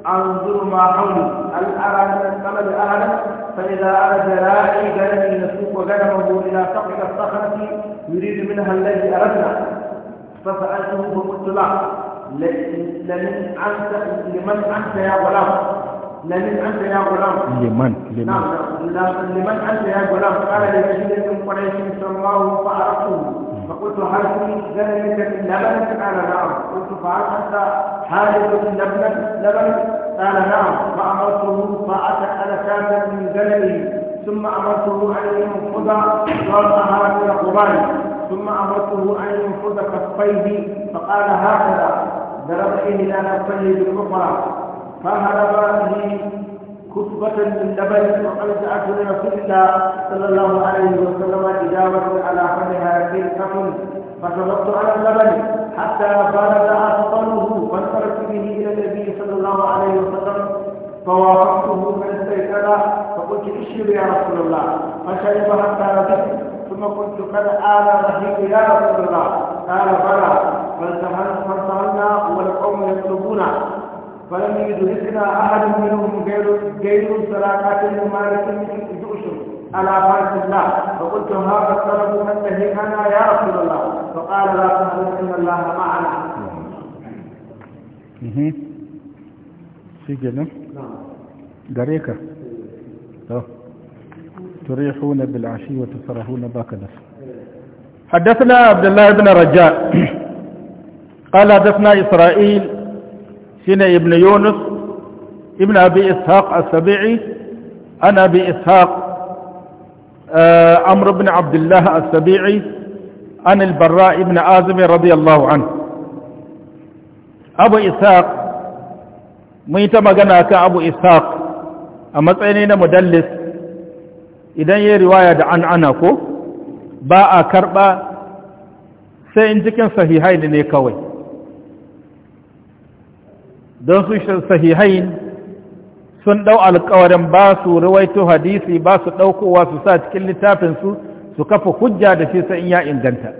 أنظر ما حولي هل أرى من الثمن أهلا فإذا أرى جلائي جلني يسوق غنمه إلى سقف الصخرة يريد منها الذي أردنا فسألته فقلت له لمن أنت لمن أنت يا غلام لمن أنت يا غلام لمن لمن نعم, نعم. لمن أنت يا غلام قال لرجل من قريش سماه فعرفته فقلت هذه ذلك من لبن قال نعم قلت فهل انت من لبن لبن قال نعم فامرته فاتى انا كاسا من ذنبه ثم امرته ان ينفض ورقها من قبائل ثم امرته ان ينفض كفيه فقال هكذا ضرب الى كفيه بالاخرى فهرب لي كتبة من لبن وقد سألت لرسول الله صلى الله عليه وسلم إجابة على فمها كيف فشربت على اللبن حتى بارد أسطنه فانفرت به إلى النبي صلى الله عليه وسلم فوافقته السيكلة فقلت اشرب يا رسول الله فشرب حتى ركبت ثم قلت قد آل رحيم يا رسول الله قال بلى فانتهلنا والقوم يطلبون فلم يدركنا أحد منهم غير غير سراقات مالك جؤشم على بارك الله فقلت هذا من منتهكنا يا رسول الله فقال لا تحزن إن الله معنا سجن نعم. دريكة تريحون بالعشي وتفرحون باكدر حدثنا عبد الله بن رجاء قال حدثنا إسرائيل shine ibn yunus ibn abi ishaq as-sabi'i ana bi ishaq uh, amr ibn abdullah as-sabi'i an al-barra ibn azim radiyallahu an abu ishaq mun ta magana kan abu ishaq a matsayin na mudallis idan yayi riwaya da an ana ko ba a karba sai in cikin sahihai ne kawai don su sahihain sun ɗau alkawarin ba su rawaito hadisi ba su ɗaukowa su sa cikin littafinsu su kafa hujja da shi sai in ya inganta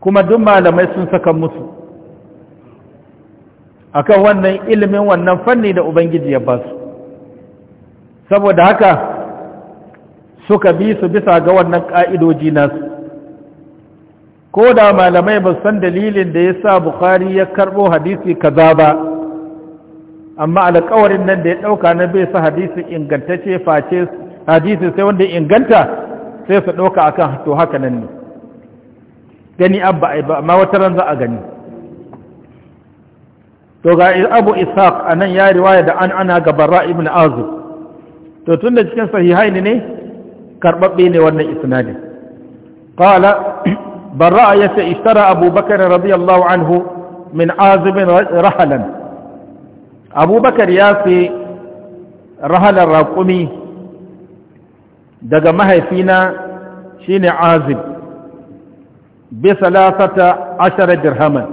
kuma duk malamai sun saka musu akan wannan ilimin wannan fanni da ubangiji ya ba su saboda haka suka bi su bisa ga wannan ƙa'idoji nasu ko da malamai ba san dalilin da ya sa bukari ya karɓo hadisi kaza ba amma alƙawarin nan da ya ɗauka na bai sa hadisi ingantacce face hadisi sai wanda inganta sai su ɗauka akan to haka nan ne gani abba ai ba amma wata ran za a gani to ga abu ishaq anan ya riwaya da an ana ga barra ibn azib to tunda cikin sahihaini ne karɓaɓɓe ne wannan isnadin qala براء اشترى أبو بكر رضي الله عنه من عازم رحلا أبو بكر ياسي رحل الرقمي دقى مهيفينا شين عازم بثلاثة عشر درهما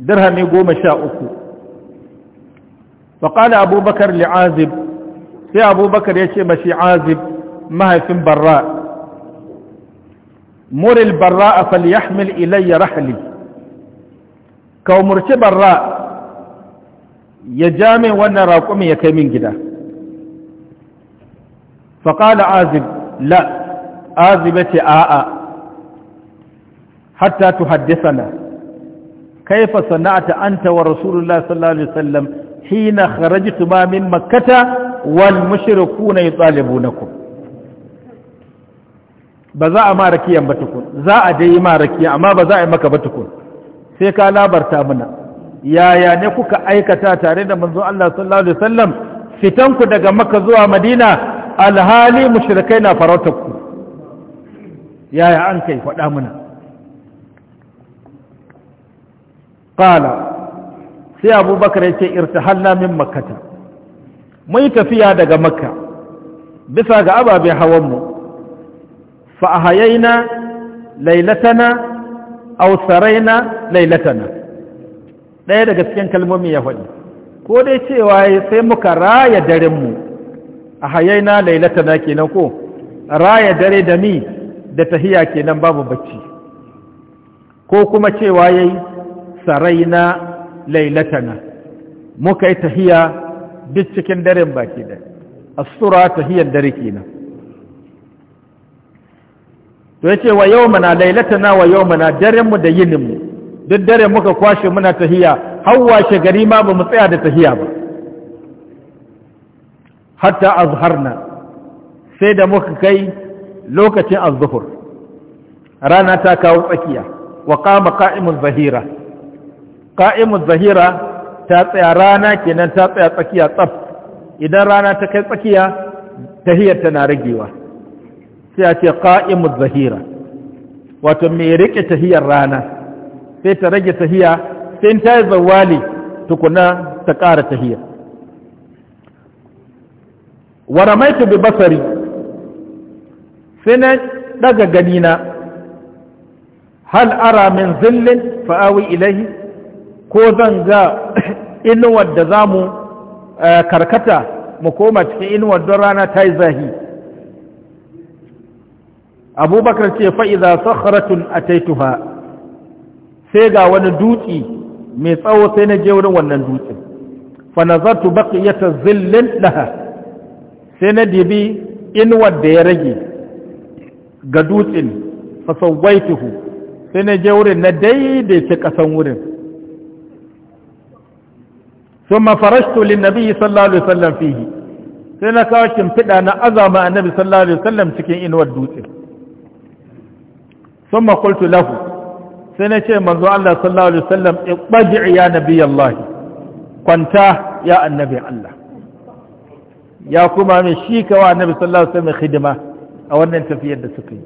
درهم يقوم شاء أكو فقال أبو بكر لعازب sai abubakar ya ce mashi azib mahaifin barra mur al-barra falyahmil ilayya rahli ka umurci barra ya ja jami wannan raƙumin ya kai min gida faƙala azib la azibe ce a'a hatta tu haddisana kaifa sana'ata anta wa rasulullah sallallahu alaihi wasallam hina kharajtu ma min makkata wal mushrikuuna yutalibunakum ba za a mara kiyan ba tukun za a dai mara kiyan amma ba za a yi maka ba tukun sai ka labarta muna yaya ne kuka aikata tare da manzo Allah sallallahu alaihi wasallam fitan ku daga makka zuwa madina alhali mushrikai na farautar yaya an kai faɗa muna qala sai abubakar ya ce irtahalna min makkata mun tafiya daga makka bisa ga ababen hawan mu fa ahayaina lailatana aw saraina lailatana ɗaya daga cikin kalmomi ya faɗi ko dai cewa sai muka raya daren mu ahayaina lailatana kenan ko raya dare da mi da tahiya kenan babu bacci ko kuma cewa yayi saraina lailatana muka yi tahiya duk cikin daren baki da asura tahiyar dare kenan to yace wa yawmana lailatana wa yawmana daren mu da yinin mu duk dare muka kwashe muna tahiya hawa shagari ma bamu tsaya da tahiya ba hatta azharna sai da muka kai lokacin azzuhur rana ta kawo tsakiya wa qama qa'imuz zahira qa'imuz zahira ta tsaya rana kenan ta tsaya tsakiya tsaf idan rana ta kai tsakiya tahiyar tana ragewa sai a ce qa'imuz zahira wato mai rike tahiyar rana sai ta rage tahiya sai ta yi zawali tukuna ta ƙara tahiya wa ramaitu bi basari sai na ɗaga ganina hal ara min zillin fa'awi ilahi ko zan ga inuwar da mu eh, karkata mu koma cikin inuwar don rana ta yi zahi abubakar ce fa'iza sakharatun ataituha sai ga wani dutse mai tsawo sai na je wurin wannan dutsen fa nazartu baqiyata zillin laha sai na dibi inuwar da ya rage ga dutsen fa sawaituhu sai na je wurin na daidaita kasan wurin ثم فرشت lin صلى sallallahu alaihi wasallam fihi sai na kawo shimfiɗa na azama annabi sallallahu alaihi wasallam cikin inuwar dutsin. sun makultu lahu sai na ce manzo Allah sallallahu alaihi wasallam iqbadi ya nabi Allah kwanta ya annabi Allah ya kuma mai shi kawa annabi sallallahu alaihi wasallam khidma a da suka yi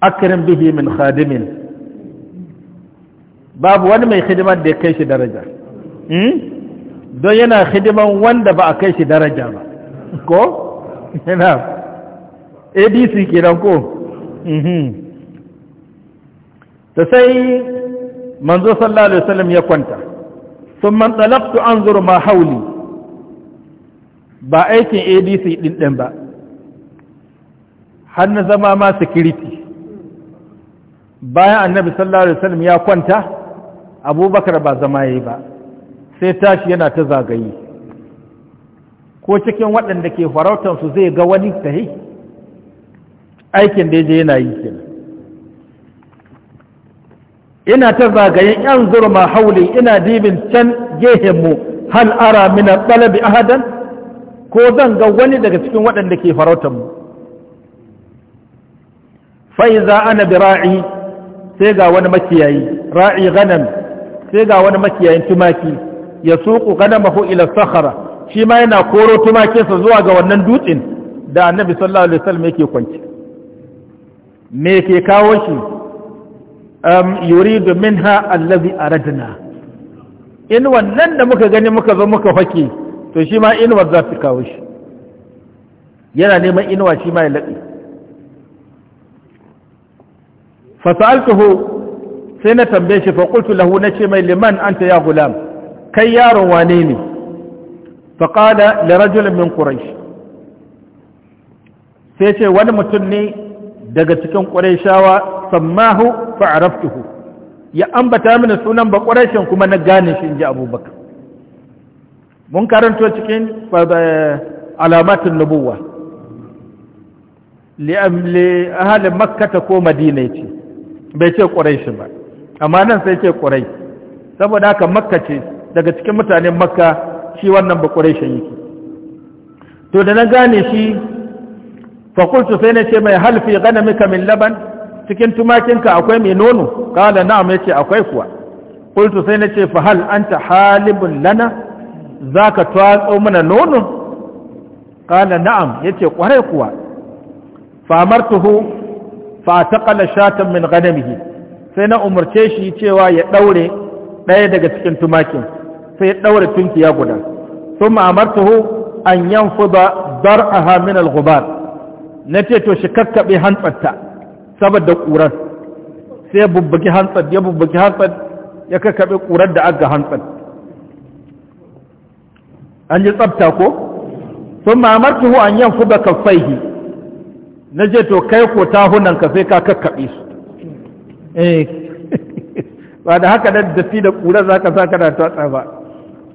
akrim bihi min khadimin babu wani mai khidman da ya kai shi daraja hmm? don yana hidiman wanda ba a kai shi daraja ba ko? adc kenan ko mhm. ta sai manzo sallallahu alaihi wasallam ya kwanta sun man an zuru ma hauli ba aikin adc ɗin din ba har zama ma sikiriti. bayan annabi sallallahu alaihi wasallam ya kwanta abubakar ba zama yi ba sai tashi yana ta zagaye ko cikin waɗanda ke farautansu zai ga wani tahi aikin da je yana yi kenan ina ta zagayen yan zurma hauli ina dibin can gehenmu hal ara min talabi ahadan ko zan ga wani daga cikin waɗanda ke farautar mu fa'iza ana bi ra'i sai ga wani makiyayi ra'i ganan sai ga wani makiyayin tumaki ya suku ganamahu ila sahara shi ma yana koro tumakinsa zuwa ga wannan dutsen da annabi sallallahu alaihi wasallam yake kwanci me ke kawo shi yuridu minha allazi aradna in wannan da muka gani muka zo muka fake to shi ma inuwar za ta kawo shi yana neman inuwa shi ma ya laɓe fasaltuhu sai na tambaye shi faƙultu lahu na ce mai liman an ta ya gulam kai yaron wane ne faƙada da rajulun min ƙuraish sai ce wani mutum ne daga cikin ƙwarishawa sammahu fa'araftuhu ya ambata mini sunan ba ƙwarishin kuma na gane shi inji abubakar mun karanto cikin eh, alamatin nubuwa li makkata ko madina ce bai ce ƙwarishi ba amma nan sai ce ƙwarai saboda haka makka ce daga cikin mutanen makka shi wannan ba ƙwarishin yake to da na gane shi fakultu sai na ce mai halfi gana mika min laban cikin tumakinka akwai mai nono kala na'am ya ce akwai kuwa kultu sai na ce fa hal anta halibun lana za ka twatso mana nono kala na'am ya ce kwarai kuwa Fa famartuhu fa taqala shatan min ghanamihi sai na umarce shi cewa ya daure ɗaya daga cikin tumakin sai ya daure tunkiya guda ثم أمرته أن ينفض درعها من الغبار na ce to shi kakkaɓe hantsarta saboda ƙurar sai ya bubbuki hantsar ya bubbuki hantsar ya kakkaɓe ƙurar da aga hantsar an ji tsabta ko sun mamarki hu an yan fuba kafaihi na ce to kai ko ta hunan ka sai ka kakkaɓe su eh. ba da haka da dafi da ƙurar za ka sa da tatsa ba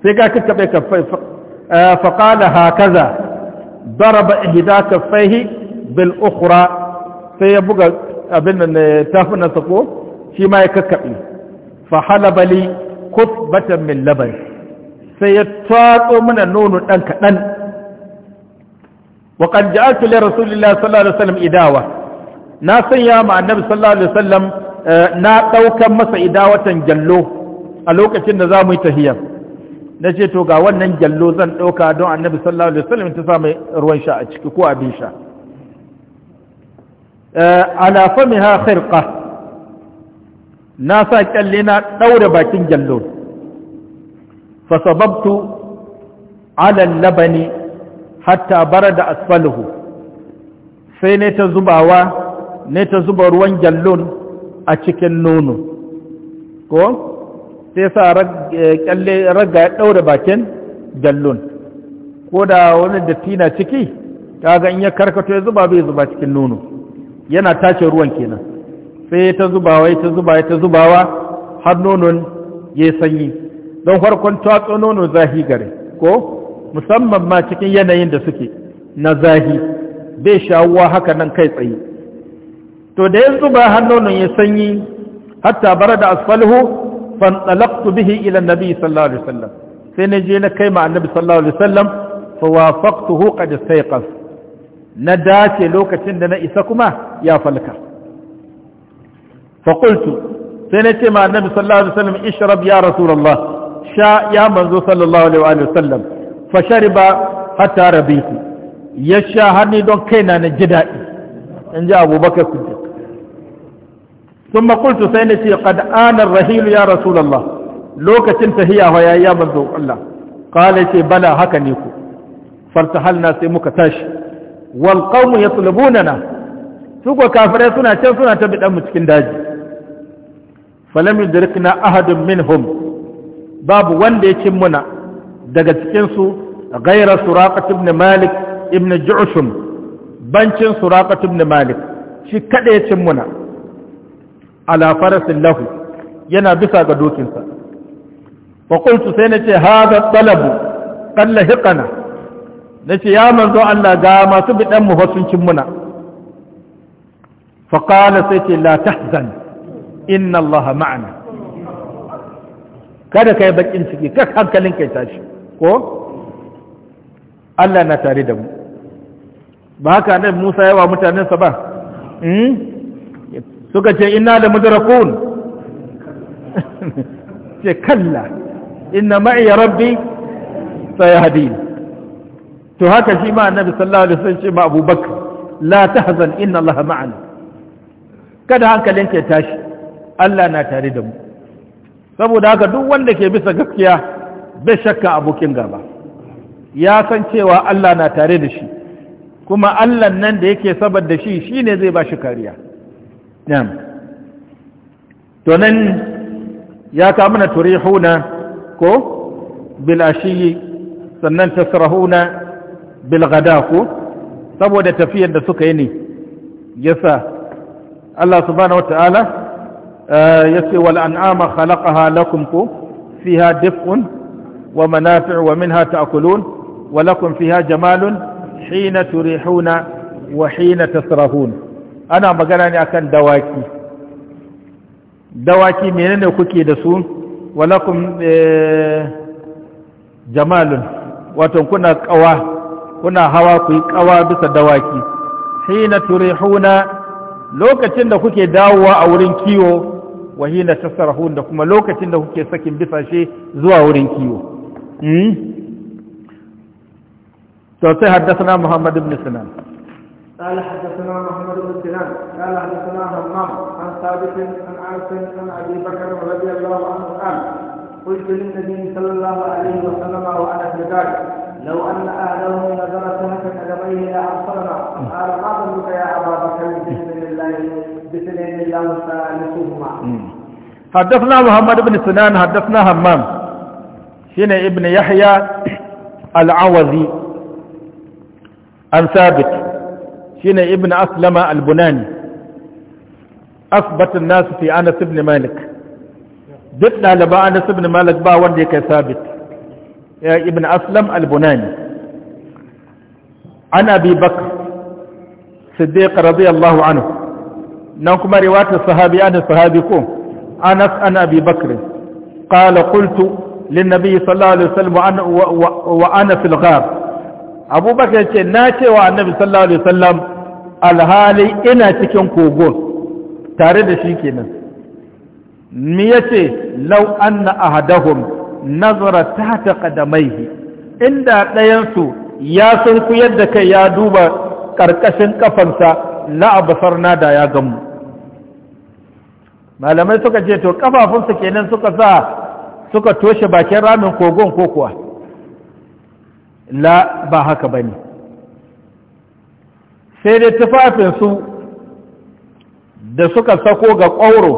sai ka kakkaɓe kafai haka za ضرب إحدى كفيه bil ukhra sai ya buga abin da eh, tafunan sa ko shi ma ya kakkabe fa halaba min labari sai ya tatso mana nono dan kaɗan wa ji ja'altu li rasulillahi sallallahu alaihi wasallam idawa na sanya annabi sallallahu alaihi wasallam eh, na ɗaukan masa idawatan gyallo a lokacin da mu yi tahiyya na ce to ga wannan gyallo zan ɗauka don annabi sallallahu alaihi wasallam ta sa mai ruwan sha a ciki ko abin sha ala famiha khirqa na sa kyalle na daure bakin jallon fa sababtu ala labani hatta barada asfaluhu sai ne ta zubawa ne ta zuba ruwan gyallon a cikin nono ko sai sa kyalle raga ya bakin gyallon ko da wani datti na ciki kaga in ya karkato ya zuba bai zuba cikin nono yana tace ruwan kenan sai ta zubawa ta zuba ta zubawa har nonon ya sanyi don farkon tatso nono zahi gare ko musamman ma cikin yanayin da suke na zahi bai shawuwa haka nan kai tsaye to da ya zuba har nonon ya sanyi hatta bara da asfalhu fantalaqtu bihi ila nabi sallallahu alaihi wasallam sai na je na kai ma annabi sallallahu alaihi wasallam fa wafaqtuhu qad sayqas na dace lokacin da na isa kuma ya falka faƙultu sai na ce ma annabi sallallahu alaihi wasallam ishrab ya rasulullah sha ya manzo sallallahu alaihi wasallam fa shariba hatta rabitu ya sha har ni don kaina na ji daɗi in ji abubakar sai na ce siddiq ثم قلت سينتي قد آن الرحيل يا رسول الله لوك Allah. ويا ce منذ haka ne ku. Farta hal na sai muka tashi. wal qawmu yatlubunana su ko kafirai suna can suna ta bidan mu cikin daji falam yudrikna ahadun minhum babu wanda ya cin muna daga cikin su ghayra suraqat ibn malik ibn ju'shum bancin suraqat ibn malik shi kada ya cin muna ala farasin lahu yana bisa ga dokinsa fa qultu sai nace hada talabu qalla hiqana na ce ya manzo Allah ga masu biɗan mu sun muna faƙala sai ce la tahzan inna Allah ma'ana kada ka yi baƙin ciki ka hankalin kai tashi ko Allah na tare da mu ba haka nan Musa yawa mutanensa ba hmm? suka ce ina da mudrakun ce kalla inna ma'iya rabbi sai sayahdi to haka shi ma annabi sallallahu alaihi wasallam ce ma abubakar la tahzan inna allaha ma'ana kada hankalin ke tashi Allah na tare da mu saboda haka duk wanda ke bisa gaskiya bai shakka abokin gaba ya san cewa Allah na tare da shi kuma Allah nan da yake sabar da shi shine zai ba shi kariya na'am to nan ya ka mana turihuna ko bil ashi sannan tasrahuna bilgada ko saboda tafiyar da suka yi ne yasa Allah subhanahu wata'ala eh, yace wal an'ama khalaqaha lakum ko fiha dif'un wa manafi'u wa minha ta'kulun wa lakum fiha jamalun hina turihuna wa hina tasrahun ana magana ne akan dawaki dawaki menene kuke da su walakum eh, jamalun wato kuna kawa kuna hawa ku yi kawa bisa dawaki hina turihuna lokacin da kuke dawowa a wurin kiwo wa hina tasarhun da kuma lokacin da kuke sakin bisashe zuwa wurin kiwo hmm? to sai haddathana Muhammad ibn Sinan قال حدثنا محمد بن سنان قال حدثنا همام عن ثابت عن عاص عن ابي بكر رضي الله عنه قال قلت للنبي صلى الله عليه وسلم wa في ذلك لو أن أهله نزل تحت قدميه لأبصرنا قال ما ظنك يا أبا بكر بسلم الله بسلم الله ثالثهما حدثنا محمد بن سنان حدثنا همام هنا ابن يحيى العوزي عن ثابت هنا ابن أسلم البناني أثبت الناس في أنس بن مالك duk لبا انس بن مالك با وندي ya ibn aslam al-bunani an abi bakr siddiq radiyallahu anhu nan kuma riwatar sahabi an sahabi ko anas an abi bakr qala qultu lin nabiy sallallahu alaihi wasallam wa ana fil ghar abubakar yace na cewa annabi sallallahu alaihi wasallam alhali ina cikin kogon tare da shi kenan mi yace law anna ahadahum nazara tahta qadamaihi inda ɗayansu ya sun ku yadda kai ya duba ƙarƙashin kafansa la abasarna da ya gamu malamai suka ce to ƙafafunsa kenan suka sa suka toshe bakin ramin kogon ko kuwa la ba haka bane sai dai tufafinsu da suka sako ga ƙwauro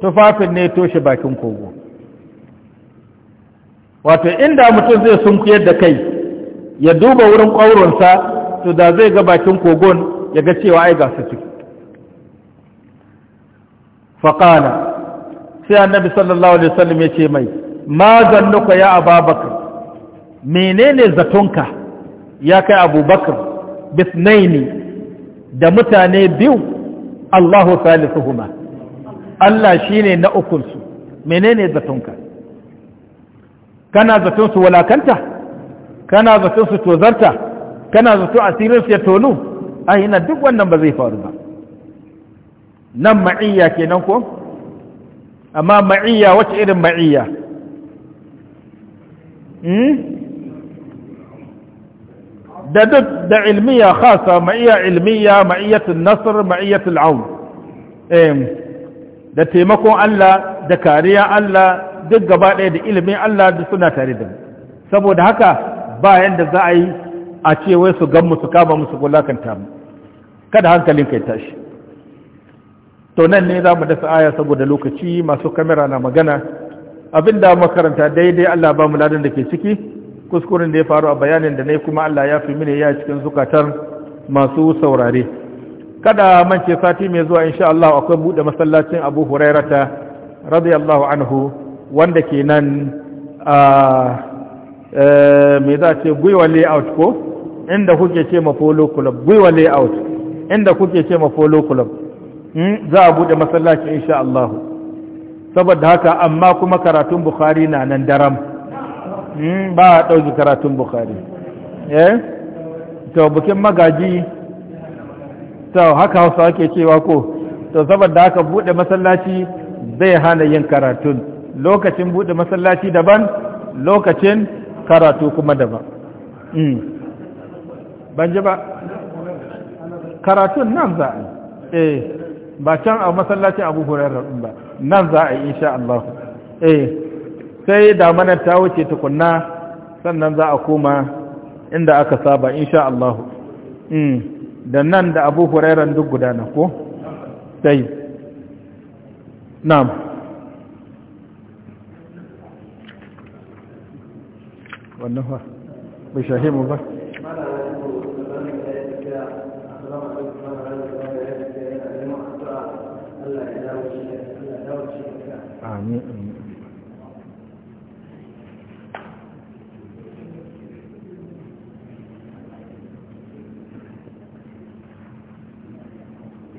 tufafin ne toshe bakin kogon. wato inda mutum zai sunkuyar da kai ya duba wurin ƙwauronsa to da zai ga bakin kogon ya ga cewa ai ga su ciki faƙala sai annabi sallallahu alaihi wasallam ya ce mai ma zannuka ya ababakar menene zatonka ya kai abubakar bisnaini da mutane biyu Allahu salisuhuma Allah shine na ukunsu menene zatonka kana zaton su walakanta kana zaton su tozarta kana zato asirin su ya tonu a duk wannan ba zai faru ba nan ma'iyya kenan ko amma ma'iyya wacce irin ma'iyya hmm? da duk da ilmiya khasa ma'iyya ilmiya ma'iyyatul nasr ma'iyyatul aun da taimakon Allah da kariya Allah duk gaba ɗaya da ilimin Allah da suna tare da mu saboda haka ba yanda za a yi a ce wai su gan su kama musu gulakanta mu kada hankalin kai tashi to nan ne za mu dasa aya saboda lokaci masu kamera na magana abin da makaranta daidai Allah ba mu ladan da ke ciki kuskuren da ya faru a bayanin da na yi kuma Allah ya fi mini ya cikin zukatar masu saurare kada mance sati mai zuwa insha Allah akwai buɗe masallacin Abu Hurairata radiyallahu anhu wanda ke nan e, mai za ce gwiwa layout ko inda kuke ce ma polo club gwiwa layout inda kuke ce ma polo club hmm? za a bude masallaci insha Allah saboda haka amma kuma karatun bukhari na nan daram hmm? ba a ɗauki karatun bukhari eh to bukin magaji to haka hausa ake cewa ko to saboda haka bude masallaci zai hana yin karatun lokacin buɗe masallaci daban lokacin karatu kuma daban hmm. ban ji ba karatun nan za a eh ba can a masallacin abu hurairar ba nan za a yi insha Allah eh sai damanar ta wuce tukunna sannan za a koma inda aka saba insha Allah hmm. da nan da abu hurairar duk gudana ko sai na'am وأنه بيشاهمه بك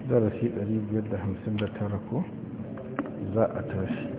درسي قريب جدا همسين بتركه إذا أتاشي